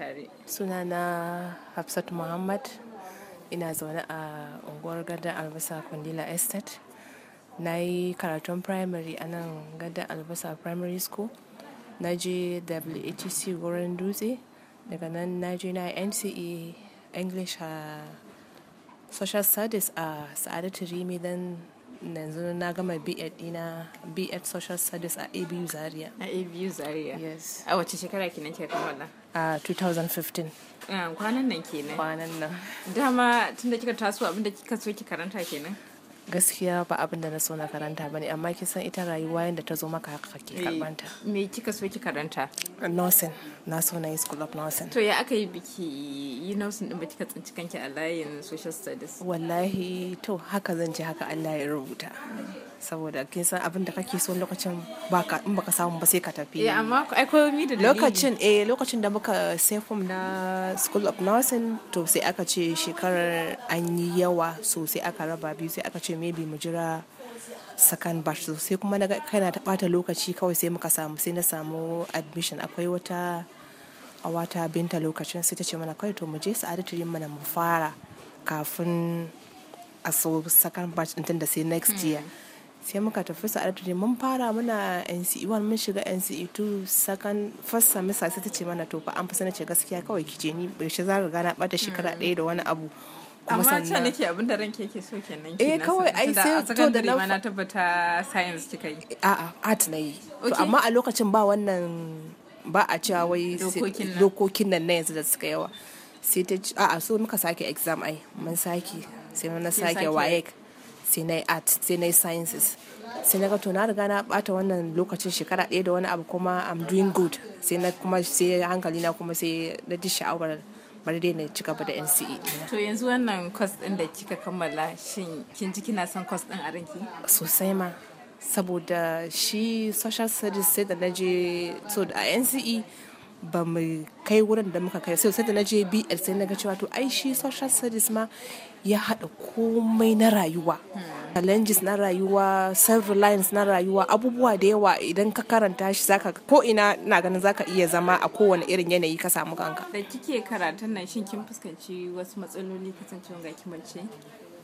tare. Sunana Hafsat Muhammad ina zaune a unguwar gadar albasa kundila estate na yi karatun primary a nan gadar albasa primary school na je whc e wurin dutse daga nan na je na nce english a uh, social studies a uh, sa'adatu rimi don yanzu na gama B.Ed dina B.Ed Social Studies a ABU Zaria. A ABU Zaria. Yes. A wace shekara kenan kika kammala? A 2015. Ah, kwanan nan kenan. Kwanan nan. Dama tunda kika taso abinda kika so ki karanta kenan? gaskiya ba abin da na so na karanta bane amma kisan san ita rayuwa yadda ta zo maka haka ke karbanta me kika so ki karanta nursing na so na yi school of nursing to ya aka yi biki yi nursing din ba kika tsinci kanki a layin social studies wallahi to haka zan ji haka Allah ya rubuta saboda kin san abin da kake so lokacin baka in baka samu ba sai ka tafi eh amma ai komi da lokacin eh lokacin da muka sai form na school of nursing to sai aka ce shekarar an yi yawa so sai aka raba biyu sai aka ce maybe mu jira second batch sai kuma na kaina ta bata lokaci kawai sai muka samu sai na samu admission akwai wata a wata binta lokacin sai ta ce mana kai to mu je sa'adatu mana mu fara kafin a so second batch din da sai next hmm. year sai muka tafi sa'adatu mun fara muna NCE 1 mun shiga NCE 2 second first semester sai ta ce mana to fa an fi sana ce gaskiya kawai kije ni bai shi za riga gana bata shekara hmm. ɗaya da wani abu amma can nake abin da ranke ke so kenan eh kawai ai sai to da na tabbata science kika yi a'a art na yi to amma a lokacin ba wannan ba a cewa wai dokokin nan na yanzu da suka yawa sai ta a'a so muka sake exam ai mun sake sai na sake wayek sai na yi art sai na yi sciences sai na ga to na riga na bata wannan lokacin shekara ɗaya da wani abu kuma i'm doing good sai na kuma sai hankali na kuma sai na ji sha'awar bari dai na ci gaba da NCE. To yanzu wannan kwas ɗin da kika kammala shin kin ji kina son kwas ɗin a ranki? Sosai ma. Saboda shi social studies sai da na je so a NCE ba mu kai wurin da muka kai sai da na je BL sai na ga cewa to ai shi social service ma ya haɗa komai na rayuwa hmm. challenges na rayuwa self reliance na rayuwa abubuwa da yawa idan ka karanta shi zaka ko ina na ganin zaka iya zama a kowane irin yanayi ka samu kanka da kike karatun nan shin kin fuskanci wasu matsaloli kasancewa ga kimace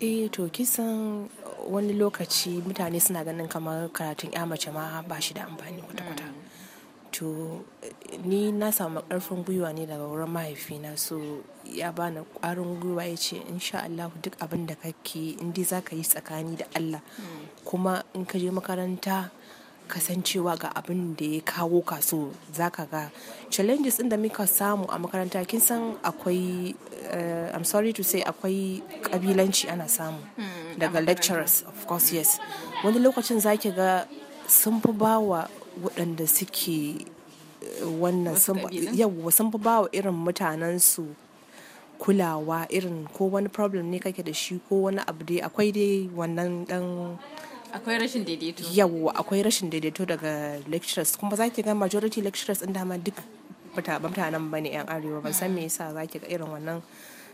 eh to kisan wani lokaci mutane suna ganin kamar karatun ya mace ma ba shi da amfani kwata-kwata to ni na samu karfin gwiwa ne daga wurin mahaifina so ya bani kwarin gwiwa ya ce in sha Allah duk abin da kake indi zaka za ka yi tsakani da Allah kuma in ka je makaranta kasancewa ga abin da ya kawo ka so za ka ga challenges ɗin da muka samu a makaranta kin san akwai eh, i'm sorry to say akwai kabilanci ana samu hmm, daga lecturers of course yes wani lokacin zaki ga sun fi bawa waɗanda suke eh, wannan yawwa sun fi bawa irin mutanensu kulawa irin ko wani problem ne kake da shi ko wani abu dai akwai dai wannan dan akwai rashin daidaito yawwa akwai rashin daidaito daga lecturers kuma za ki ga majority lecturers ɗin dama duk mutanen ba ne 'yan arewa ban san me yasa za ki ga irin wannan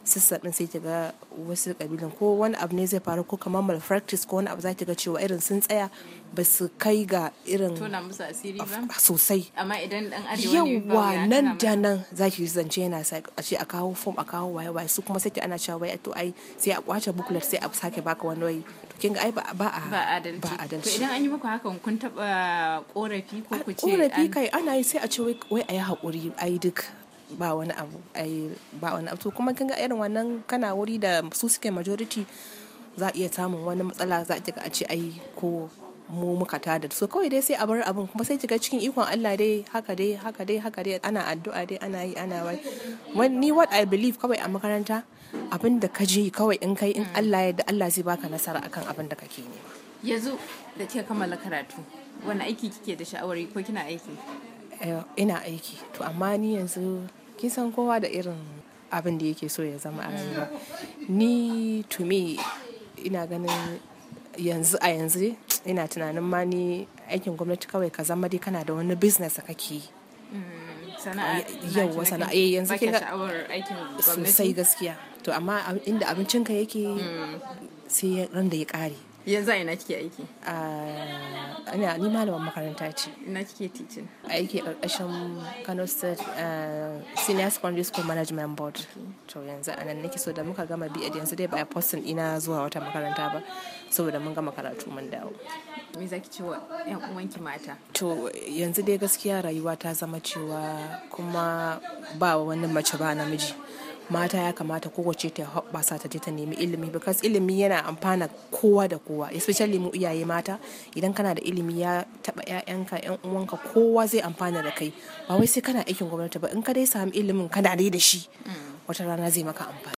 sister din sai kiga wasu kabilan ko wani abu ne zai faru ko kamar malpractice ko wani abu za ga cewa irin sun tsaya ba su kai ga irin tona musu asiri ba sosai amma idan dan arewa ne nan da nan za ki zance yana sa a ce a kawo form a kawo waye waye su kuma sai ana cewa wai to ai sai a kwace booklet sai a sake baka wani wai to kin ga ai ba ba adalci ba adalci to idan an yi muku hakan kun taba korafi ko ku ce korafi kai ana yi sai a ce wai a yi hakuri ai duk ba wani abu ai ba wani abu to kuma kin ga irin wannan kana wuri da su suke majority za a iya samun wani matsala za a ga a ce ai ko mu muka tada so kawai dai sai a bar abun kuma sai kiga cikin ikon Allah dai haka dai haka dai haka dai ana addu'a dai ana yi ana wai ni what i believe kawai a makaranta abin da ka je kawai in kai in Allah ya da Allah zai baka nasara akan abin da kake ne yanzu da kika kammala karatu wani aiki kike da sha'awari ko kina aiki eh, ina aiki to amma ni yanzu kin san kowa da irin abin da yake so ya zama a rayuwa ni to me ina ganin yanzu a yanzu ina tunanin ma ni aikin gwamnati kawai ka zama dai kana da wani business kake yi mm, yauwa sana'a eh, yanzu kin sosai gaskiya to amma inda abincinka yake mm. sai ran da ya kare yanzu ina kike aiki ina ni malaman makaranta ce ina kike teaching aiki karkashin Kano State Senior Secondary School Management Board to yanzu anan nake so da muka gama BA yanzu dai ba a posting ina zuwa wata makaranta ba saboda mun gama karatu mun dawo me zaki ce wa yan uwanki mata to yanzu dai gaskiya rayuwa ta zama cewa kuma ba wani mace ba namiji mata ya kamata kowace ta hoɓɓasa ta je ta nemi ilimi bikas ilimi yana amfana kowa da kowa especially mu iyaye mata idan kana da ilimi ya taɓa 'ya'yanka 'yan uwanka kowa zai amfana da kai ba wai sai kana aikin gwamnati ba in ka dai samu ilimin kana dai da shi mm. wata rana zai maka amfani